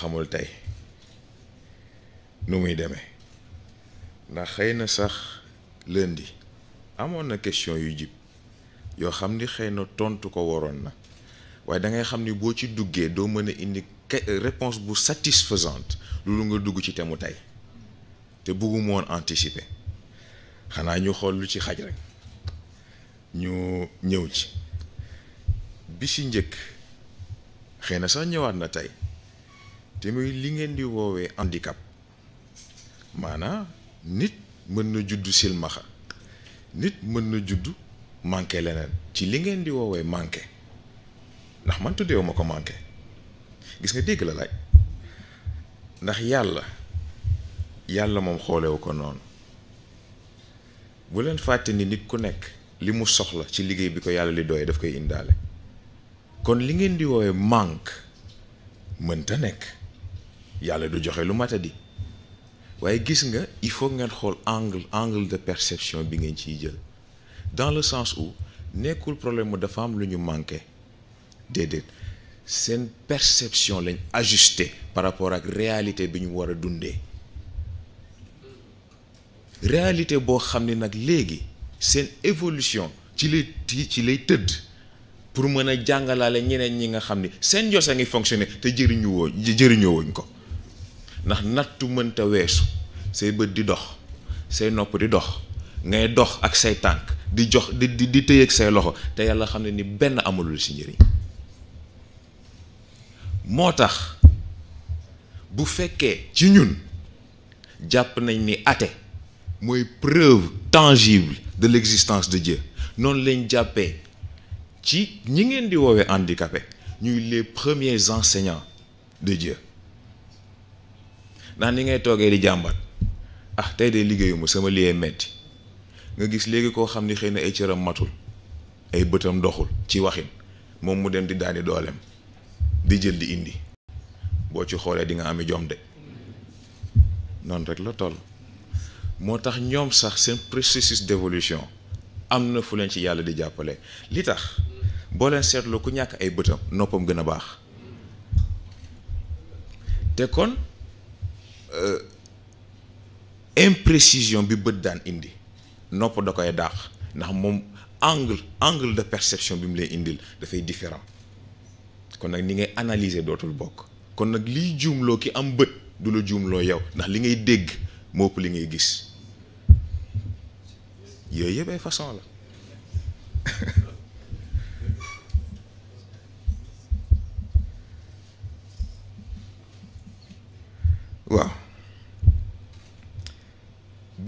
xamul tey nu muy demee ndax xëy na sax lundi amoon na question yu jib yoo xam ni xëy na tontu ko waroon na waaye dangay xam ni boo ci duggee doo mën a indi réponse bu satisfaisante lu nga dugg ci temu tey te bëgguma woon anticiper xanaa ñu xool lu ci xaj rek ñu ñëw ci bi si njëkk xëy na sax ñëwaat na tey te muy li ngeen di wowe handicap mana nit mën na judd silmaha nit mën na judd manké lenen ci li ngeen di wowe manké ndax man tuddeewu ma ko manqué gis nga dégg la lay ndax yalla yàlla moom xoolewu ko non bu len faté ni nit ku nek limu soxla ci liggéey bi ko yalla li doye daf koy indalé kon li ngeen di woowee manque ta nek yalla du joxe lu matadi waye gis nga il faut ngeen xol angle angle de perception bi ngeen ci jël dans le sens où nekkul problème de femme am lu ñu manqué déedéet seen perception lañ ajuster par rapport ak réalité bi ñu war réalité bo xam nak légui sen évolution ci lay ci lay teud pour mën a ñeneen ñi nga xam sen seen fonctionner a ngi fonctionné te jëriñu woo ko ndax nattu mënta weesu say bët di dox say nopp di dox ngay dox ak say tànk di jox di di di tëy ak say loxo te yalla xam ni ben amulul ci njëriñ motax bu fekke ci ñun japp nañ ni até moy preuve tangible de l'existence de Dieu non lañ jappé ci ñi ngeen di wowe handicapé ñuy les premiers enseignants de Dieu ndax ni ngay toogee di jàmbat ah tey de liggéeyuma sama liggéey metti nga gis léegi koo xam ni xëy na ay cëram matul ay bëtam doxul ci waxin moom mu dem di daani dooleem di jël di indi boo ci xoolee di nga ami jom de noonu rek la toll moo tax ñoom sax seen processus d'évolution am na fu leen ci yàlla di jàppale li tax boo leen seetlu ku ñàkk ay bëtam noppam gën a baax te kon Euh, imprécision bi beut daan indi nopp da koy dakh ndax mom angle angle de perception bi mu lay indil fay différent kon nak ni ngay analyser dotul bok kon nak li djumlo ki am beut du la juumloo yow ndax li ngay dégg moo li ngay gis yooyu yëpp façon la waaw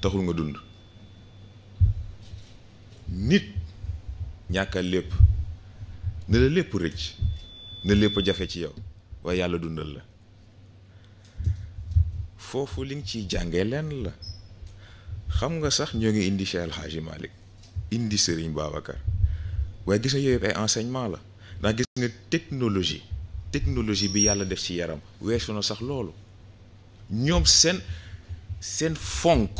taxul nga dund nit ñàkkal lépp ne la lépp rëcc ne lépp jafe ci yow waaye yàlla dundal la foofu li nga ciy jàngee lenn la xam nga sax ñoo ngi indi Cheikh El Hadji Malick indi Serigne Babacar waaye gis nga yooyu ay enseignement la ndax gis nga technologie technologie bi yàlla def ci yaram weesu na sax loolu ñoom seen seen fonk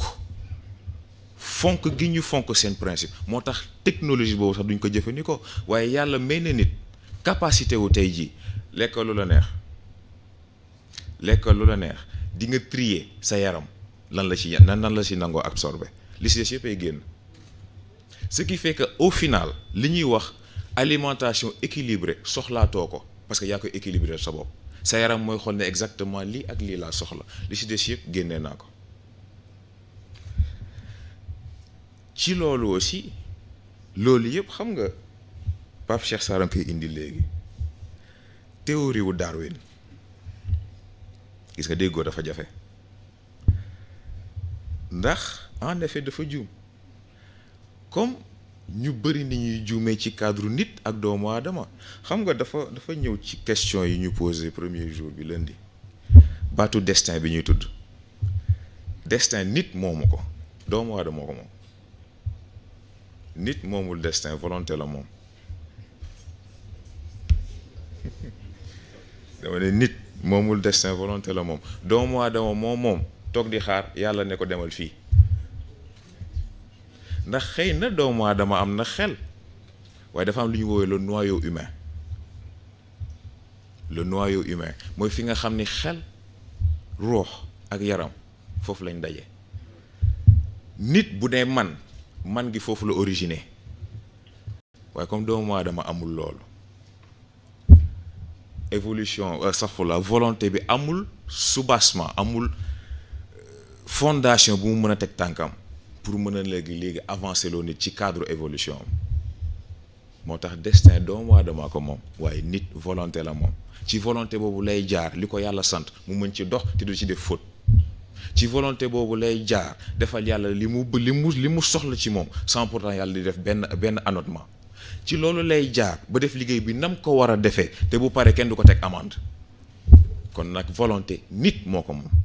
fonk gi ñu fonk seen principe moo tax technologie boobu sax duñ ko jëfandikoo waaye yàlla may na nit capacité wu tey jii lekkal lu la neex lekkal lu la neex di nga trier sa yaram lan la ci nan nan la ci nangoo absorber li si des génn ce qui fait que au final li ñuy wax alimentation équilibrée soxlaatoo ko parce que yaa ko équilibré sa bopp sa yaram mooy xool ne exactement lii ak lii laa soxla li si des yëpp génnee naa ko. ci loolu aussi loolu yëpp xam nga Pape Cheikh Sarr indi léegi théorie wu Darwin gis nga déggoo dafa jafe ndax en effet dafa juum comme ñu bëri ni ñuy juumee ci cadre nit ak doomu aadama xam nga dafa dafa ñëw ci question yi ñu posé premier jour bi lundi baatu destin bi ñuy tudd destin nit moomu ko doomu aadama ko moom nit momul destin volonté la mom dama né nit momul destin volonté la do mo adama mom mom tok di xaar yalla ne ko demal fi ndax xeyna do mo adama am na xel way dafa am luñu wowe le noyau humain le noyau humain moy fi nga xamni ni xel ruh ak yaram foofu lañ dajé nit bu man man gi fofu la originé way comme doomu aadama amul loolu évolution euh, sax fu la volonté bi amul soubassement amul euh, fondation bu mu mën a pour meuna légui légui avancer loo nit ci cadre évolution motax moo tax destin doomu aadama ko mom waaye nit volonté la mom ci volonté bobu lay jaar liko yalla sante mu meun ci dox ti du ci def faute ci volonté boobu lay jaar defal yàlla li mu li mu li mu soxla ci moom sans pourtant yàlla di def benn benn annotement ci loolu lay jaar ba def liggéey bi nam ko war a defee te bu pare kenn du ko teg amende kon nag volonté nit moo ko moom